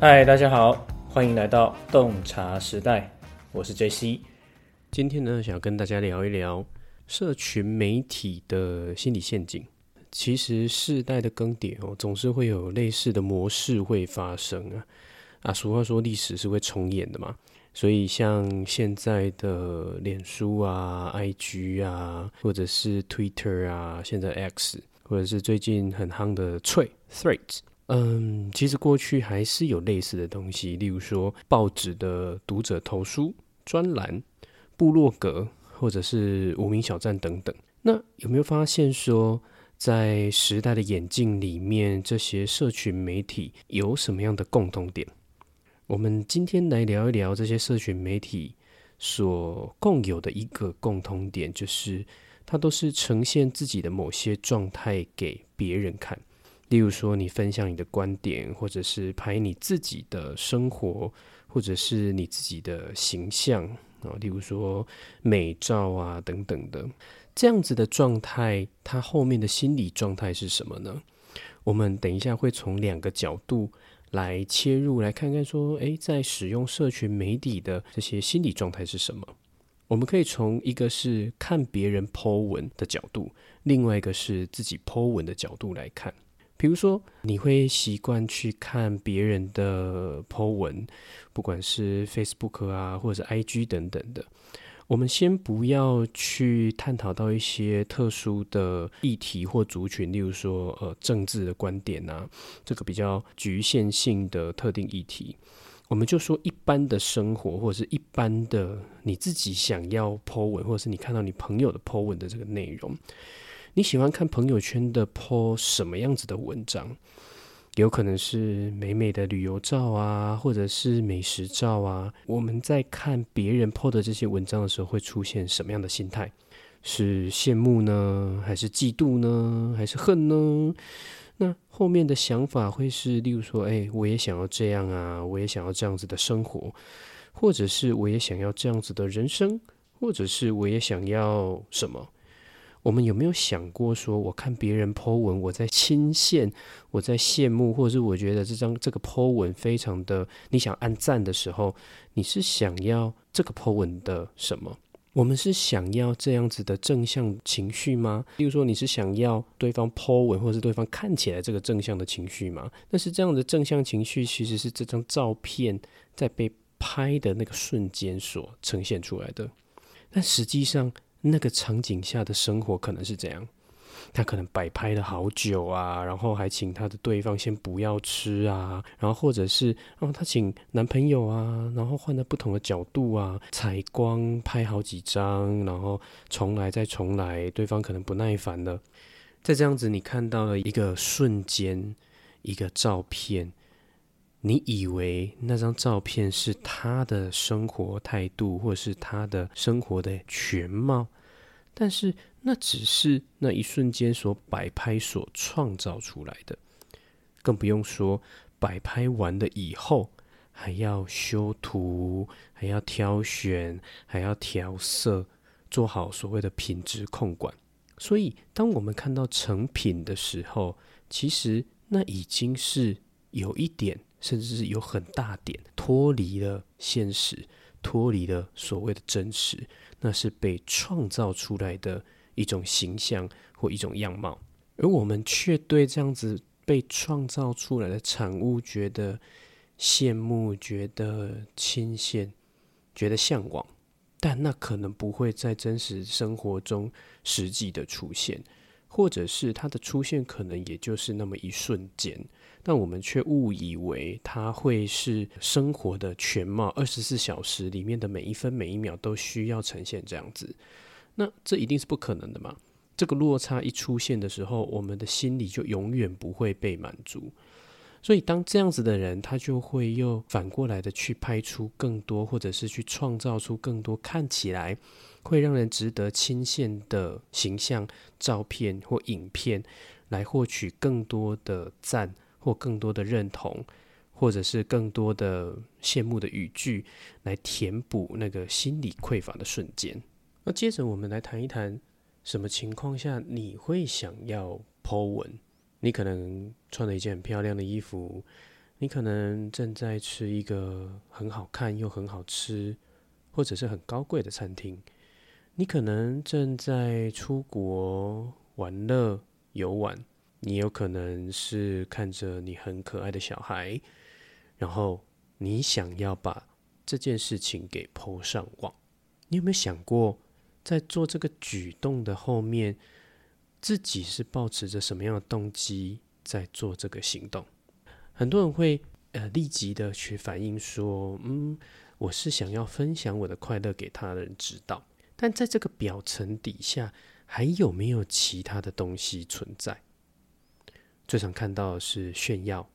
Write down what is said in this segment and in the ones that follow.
嗨，Hi, 大家好，歡迎來到洞察時代，我是 JC。今天呢，想要跟大家聊一聊社群媒體的心理陷阱。其實世代的更迭哦，總是會有類似的模式會發生啊啊，俗話說歷史是會重演的嘛。所以像現在的臉書啊、IG 啊，或者是 Twitter 啊，現在 X，或者是最近很夯的脆 Threads。嗯，其實過去還是有類似的東西，例如說報紙的讀者投書專欄、部落格或者是無名小站等等。那有沒有發現說，在時代的演進裡面，這些社群媒體有什麼樣的共同點？我們今天來聊一聊這些社群媒體所共有的一個共同點，就是它都是呈現自己的某些狀態給別人看。例如說，你分享你的觀點，或者是拍你自己的生活，或者是你自己的形象啊，然後例如說美照啊等等的，這樣子的狀態，它後面的心理狀態是什麼呢？我們等一下會從兩個角度來切入，來看看說，誒，在使用社群媒體的這些心理狀態是什麼？我們可以從一個是看別人 Po 文的角度，另外一個是自己 Po 文的角度來看。比如說，你會習慣去看別人的 po 文，不管是 Facebook 啊，或者是 IG 等等的。我們先不要去探討到一些特殊的議題或族群，例如說呃政治的觀點啊，這個比較侷限性的特定議題。我們就說一般的生活，或者是一般的你自己想要 po 文，或者是你看到你朋友的 po 文的這個內容。你喜歡看朋友圈的 po 什麼樣子的文章？有可能是美美的旅遊照啊，或者是美食照啊。我們在看別人 po 的這些文章的時候，會出現什麼樣的心態？是羨慕呢，還是嫉妒呢，還是恨呢？那後面的想法會是，例如說，哎，我也想要這樣啊，我也想要這樣子的生活，或者是我也想要這樣子的人生，或者是我也想要什麼？我們有沒有想過說，我看別人 Po 文，我在欽羨，我在羨慕，或者是我覺得這張這個 Po 文非常的，你想按讚的時候，你是想要這個 Po 文的什麼？我們是想要這樣子的正向情緒嗎？例如說，你是想要對方 Po 文，或者是對方看起來這個正向的情緒嗎？但是這樣的正向情緒，其實是這張照片在被拍的那個瞬間所呈現出來的，但實際上。那個場景下的生活可能是怎樣？他可能擺拍了好久啊，然後還請他的對方先不要吃啊，然後或者是，然後他請男朋友啊，然後換了不同的角度啊，採光拍好幾張，然後重來再重來，對方可能不耐煩了，在這樣子，你看到了一個瞬間，一個照片。你以為那張照片是他的生活態度，或是他的生活的全貌？但是那只是那一瞬間所擺拍所創造出來的，更不用說擺拍完了以後還要修圖，還要挑選，還要調色，做好所謂的品質控管。所以，當我們看到成品的時候，其實那已經是有一點。甚至是有很大點脫離了現實，脫離了所謂的真實，那是被創造出來的一種形象或一種樣貌，而我們卻對這樣子被創造出來的產物覺得羨慕、覺得傾羨、覺得向往，但那可能不會在真實生活中實際的出現，或者是它的出現可能也就是那麼一瞬間。但我們卻誤以為他會是生活的全貌，二十四小時裡面的每一分每一秒都需要呈現這樣子，那這一定是不可能的嘛。這個落差一出現的時候，我們的心理就永遠不會被滿足，所以當這樣子的人，他就會又反過來的去拍出更多，或者是去創造出更多看起來會讓人值得欽羨的形象照片或影片，來獲取更多的讚，或更多的認同，或者是更多的羨慕的語句，來填補那個心理匱乏的瞬間。那接着我們來談一談，什麼情況下你會想要 po 文？你可能穿了一件很漂亮的衣服，你可能正在吃一個很好看又很好吃，或者是很高貴的餐廳，你可能正在出國玩樂遊玩。你有可能是看着你很可愛的小孩，然後你想要把這件事情給 po 上網。你有沒有想過，在做這個舉動的後面，自己是抱持着什麼樣的動機在做這個行動？很多人會呃立即的去反應說：“嗯，我是想要分享我的快樂給他人知道。”但在這個表層底下，還有沒有其他的東西存在？最常看到的是炫耀，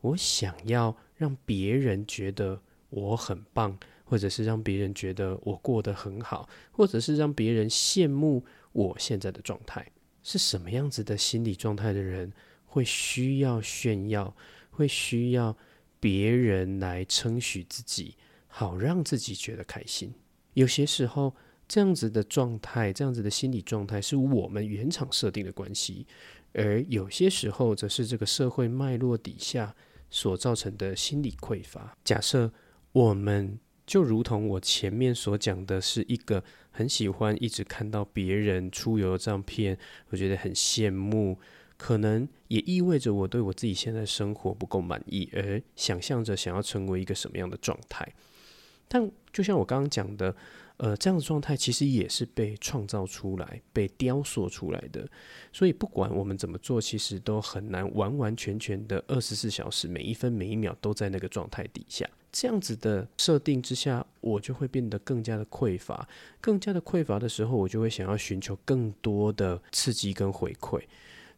我想要讓別人覺得我很棒，或者是讓別人覺得我過得很好，或者是讓別人羨慕我現在的狀態。是什麼樣子的心理狀態的人會需要炫耀，會需要別人來稱許自己，好讓自己覺得開心？有些時候。這樣子的狀態，這樣子的心理狀態，是我們原廠設定的關係；而有些時候，則是這個社會脈絡底下所造成的心理匱乏。假設我們就如同我前面所講的，是一個很喜歡一直看到別人出遊的照片，我覺得很羨慕，可能也意味着我對我自己現在生活不夠滿意，而想象着想要成為一個什麼樣的狀態。但就像我剛剛講的。呃，這樣的狀態其實也是被創造出來、被雕塑出來的。所以不管我們怎麼做，其實都很難完完全全的二十四小時、每一分每一秒都在那個狀態底下。這樣子的設定之下，我就會變得更加的匱乏。更加的匱乏的時候，我就會想要尋求更多的刺激跟回饋。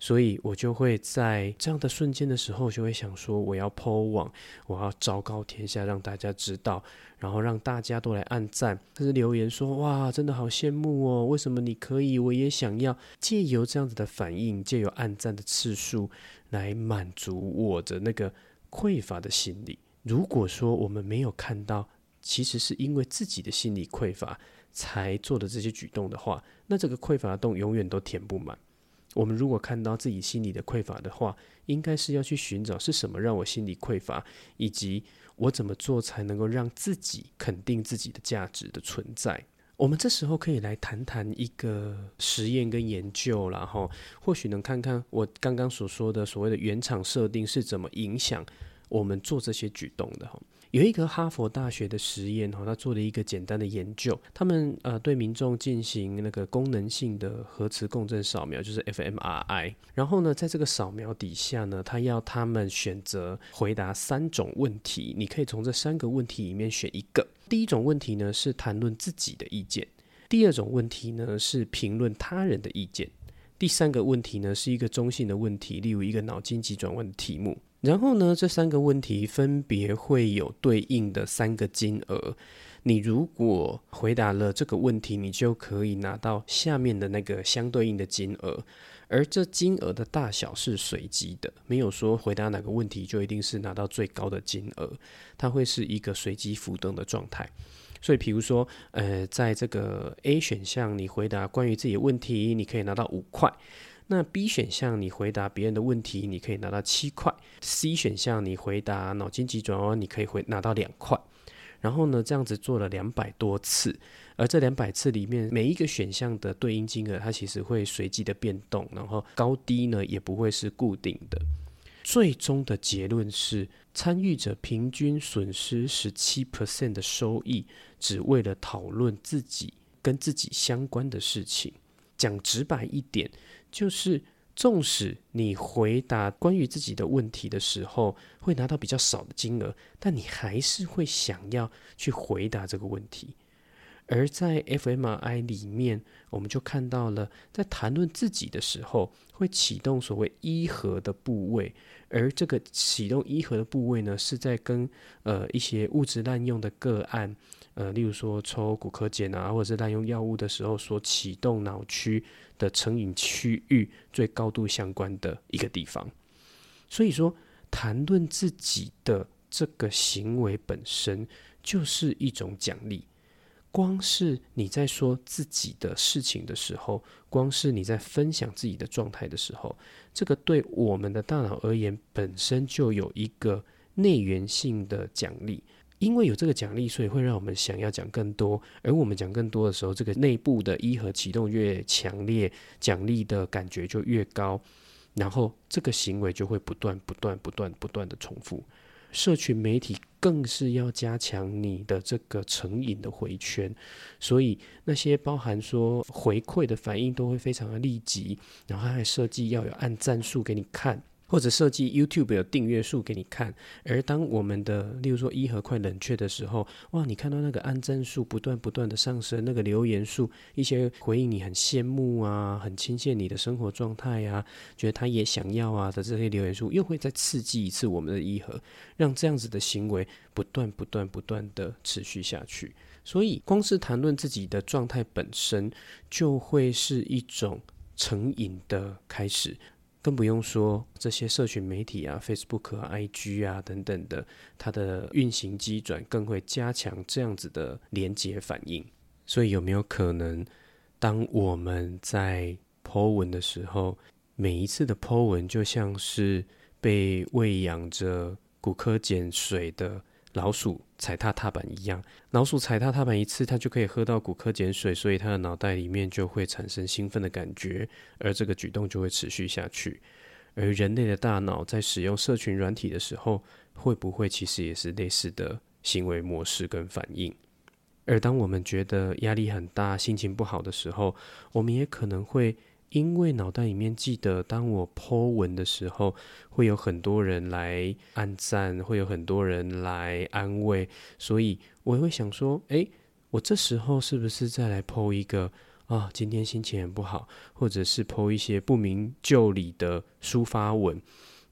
所以我就會在這樣的瞬間的時候，就會想說，我要 PO 網，我要昭告天下，讓大家知道，然後讓大家都來按讚。但是留言說，哇，真的好羨慕哦，為什麼你可以？我也想要。借由這樣子的反應，借由按讚的次數，來滿足我的那個匱乏的心理。如果說我們沒有看到，其實是因為自己的心理匱乏才做的這些舉動的話，那這個匱乏的洞永遠都填不滿。我們如果看到自己心理的匱乏的話，應該是要去尋找是什麼讓我心理匱乏，以及我怎麼做才能夠讓自己肯定自己的價值的存在。我們這時候可以來談談一個實驗跟研究，然後或許能看看我剛剛所說的所謂的原廠設定是怎麼影響。我們做這些舉動的哈，有一個哈佛大學的實驗哈，他做了一個簡單的研究，他們呃對民眾進行那個功能性的核磁共振掃描，就是 fMRI，然後呢，在這個掃描底下呢，他要他們選擇回答三種問題，你可以從這三個問題裡面選一個。第一種問題呢是談論自己的意見，第二種問題呢是評論他人的意見，第三個問題呢是一個中性的問題，例如一個腦筋急轉彎的題目。然後呢，這三個問題分別會有對應的三個金額。你如果回答了這個問題，你就可以拿到下面的那個相對應的金額。而這金額的大小是隨機的，沒有說回答哪個問題就一定是拿到最高的金額，它會是一個隨機浮動的狀態。所以比如說，呃，在這個 A 選項，你回答關於自己的問題，你可以拿到五塊。那 B 選項，你回答別人的問題，你可以拿到七塊；C 選項，你回答腦筋急轉彎，你可以回拿到兩塊。然後呢，這樣子做了兩百多次，而這兩百次裡面，每一個選項的對應金額，它其實會隨機的變動，然後高低呢也不會是固定的。最終的結論是，參與者平均損失十七 percent 的收益，只為了討論自己跟自己相關的事情。講直白一點。就是，縱使你回答關於自己的問題的時候，會拿到比較少的金額，但你還是會想要去回答這個問題。而在 fMRI 裡面，我們就看到了，在談論自己的時候，會啟動所謂依核的部位，而這個啟動依核的部位呢，是在跟呃一些物質濫用的個案。呃，例如說抽古柯鹼啊，或者是濫用藥物的時候，所啟動腦區的成癮區域最高度相關的一個地方。所以說，談論自己的這個行為本身就是一種獎勵。光是你在說自己的事情的時候，光是你在分享自己的狀態的時候，這個對我們的大腦而言，本身就有一個內源性的獎勵。因為有這個獎勵，所以會讓我們想要講更多。而我們講更多的時候，這個內部的依核啟動越強烈，獎勵的感覺就越高，然後這個行為就會不斷、不斷、不斷、不斷的重複。社群媒體更是要加強你的這個成癮的回圈，所以那些包含說回饋的反應都會非常的立即，然後他還設計要有按讚數給你看。或者設計 YouTube 有訂閱數給你看，而當我們的，例如說一盒快冷卻的時候，哇，你看到那個按讚數不斷不斷的上升，那個留言數，一些回應你很羨慕啊，很欽羨你的生活狀態啊，覺得他也想要啊的這些留言數，又會再刺激一次我們的一盒，讓這樣子的行為不斷不斷不斷的持續下去。所以，光是談論自己的狀態本身，就會是一種成癮的開始。更不用說這些社群媒體啊，Facebook 啊、IG 啊等等的，它的運行機轉更會加強這樣子的連結反應。所以有沒有可能，當我們在 Po 文的時候，每一次的 Po 文就像是被餵養着骨科鹼水的？老鼠踩踏踏板一樣，老鼠踩踏踏板一次，它就可以喝到古柯鹼水，所以它的腦袋裡面就會產生興奮的感覺，而這個舉動就會持續下去。而人類的大腦在使用社群軟體的時候，會不會其實也是類似的行為模式跟反應？而當我們覺得壓力很大、心情不好的時候，我們也可能會。因為腦袋裡面記得，當我剖文的時候，會有很多人來按讚，會有很多人來安慰，所以我會想說，哎，我這時候是不是再來剖一個？啊，今天心情很不好，或者是剖一些不明就裡的抒發文。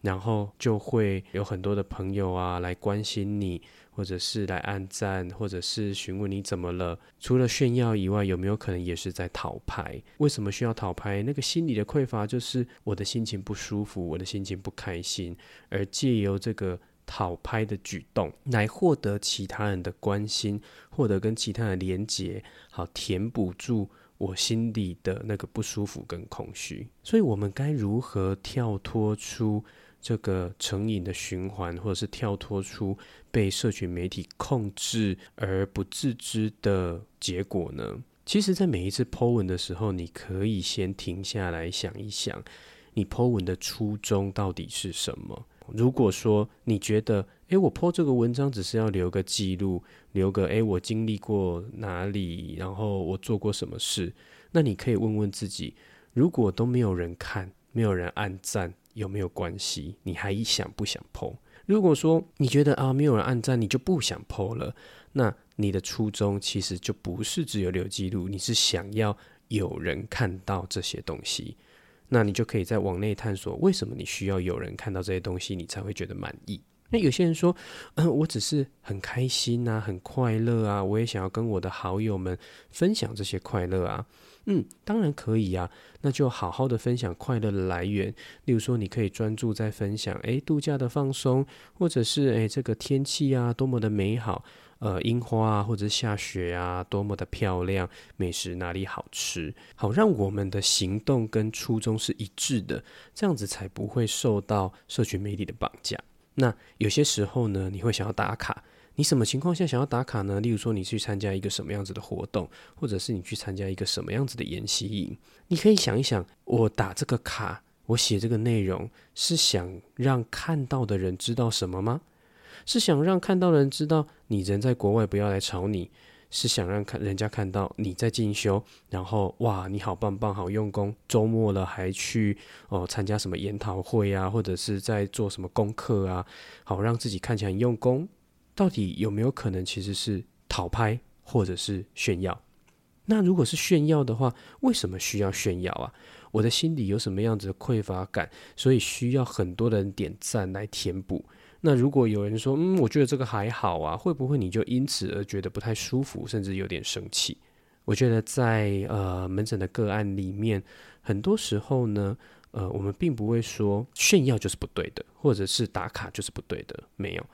然後就會有很多的朋友啊來關心你，或者是來按讚，或者是詢問你怎麼了。除了炫耀以外，有沒有可能也是在討拍？為什麼需要討拍？那個心理的匱乏就是我的心情不舒服，我的心情不開心，而借由這個討拍的舉動來獲得其他人的關心，獲得跟其他人的連接，好填補住我心裡的那個不舒服跟空虛。所以，我們該如何跳脫出？這個成癮的循環，或者是跳脫出被社群媒體控制而不自知的結果呢？其實，在每一次 po 文的時候，你可以先停下來想一想，你 po 文的初衷到底是什麼？如果說你覺得，誒、欸，我 po 這個文章只是要留個記錄，留個誒、欸，我經歷過哪裡，然後我做過什麼事，那你可以問問自己，如果都沒有人看，沒有人按讚。有沒有關係？你還想不想 po？如果說你覺得、啊、沒有人按讚，你就不想 po 了，那你的初衷其實就不是只有留記錄，你是想要有人看到這些東西，那你就可以再往內探索，為什麼你需要有人看到這些東西，你才會覺得滿意？那有些人說，嗯，我只是很開心啊，很快樂啊，我也想要跟我的好友們分享這些快樂啊。嗯，當然可以啊。那就好好的分享快樂的來源，例如說，你可以專注在分享，誒、欸、度假的放鬆，或者是誒、欸、這個天氣啊，多麼的美好，呃，櫻花啊，或者下雪啊，多麼的漂亮，美食哪裡好吃，好讓我們的行動跟初衷是一致的，這樣子才不會受到社群媒體的綁架。那有些時候呢，你會想要打卡。你什麼情況下想要打卡呢？例如說，你去參加一個什麼樣子的活動，或者是你去參加一個什麼樣子的研習營？你可以想一想，我打這個卡，我寫這個內容，是想讓看到的人知道什麼嗎？是想讓看到的人知道你人在國外不要來吵你？是想讓看人家看到你在進修，然後哇，你好棒棒，好用功，週末了還去哦、呃、參加什麼研討會啊，或者是在做什麼功課啊，好讓自己看起來很用功。到底有沒有可能其實是討拍或者是炫耀？那如果是炫耀的話，為什麼需要炫耀啊？我的心裡有什麼樣子的匱乏感，所以需要很多人點讚來填補。那如果有人說，嗯，我覺得這個還好啊，會不會你就因此而覺得不太舒服，甚至有點生氣？我覺得在呃門診的個案裡面，很多時候呢，呃，我們並不會說炫耀就是不對的，或者是打卡就是不對的，沒有。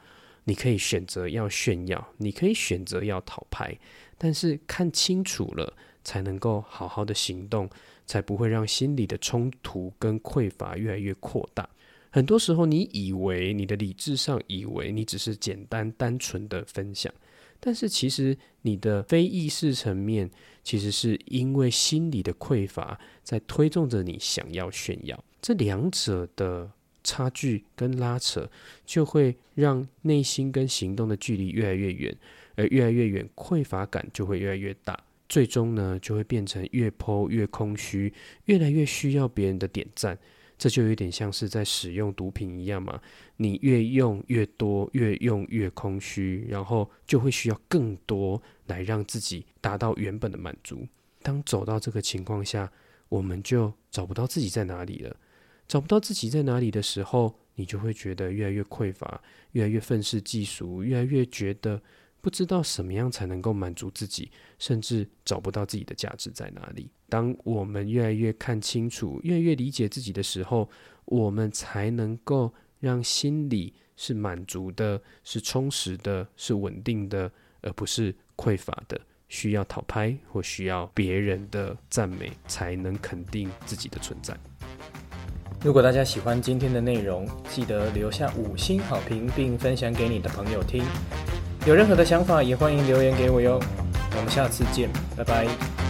你可以選擇要炫耀，你可以選擇要討拍，但是看清楚了才能夠好好的行動，才不會讓心理的衝突跟匱乏越來越擴大。很多時候，你以為你的理智上以為你只是簡單單純的分享，但是其實你的非意識層面，其實是因為心理的匱乏在推動着你想要炫耀，這兩者的，差距跟拉扯，就會讓內心跟行動的距離越來越遠，而越來越遠，匱乏感就會越來越大，最終呢，就會變成越 po 越空虛，越來越需要別人的點讚。這就有點像是在使用毒品一樣嘛，你越用越多，越用越空虛，然後就會需要更多來讓自己達到原本的滿足。當走到這個情況下，我們就找不到自己在哪裡了。找不到自己在哪裡的時候，你就會覺得越來越匱乏，越來越憤世嫉俗，越來越覺得不知道什麼樣才能夠滿足自己，甚至找不到自己的價值在哪裡。當我們越來越看清楚，越來越理解自己的時候，我們才能夠讓心裡是滿足的，是充實的，是穩定的，而不是匱乏的，需要討拍或需要別人的讚美才能肯定自己的存在。如果大家喜歡今天的內容，記得留下五星好評，並分享給你的朋友聽。有任何的想法，也歡迎留言給我喲。我們下次見，拜拜。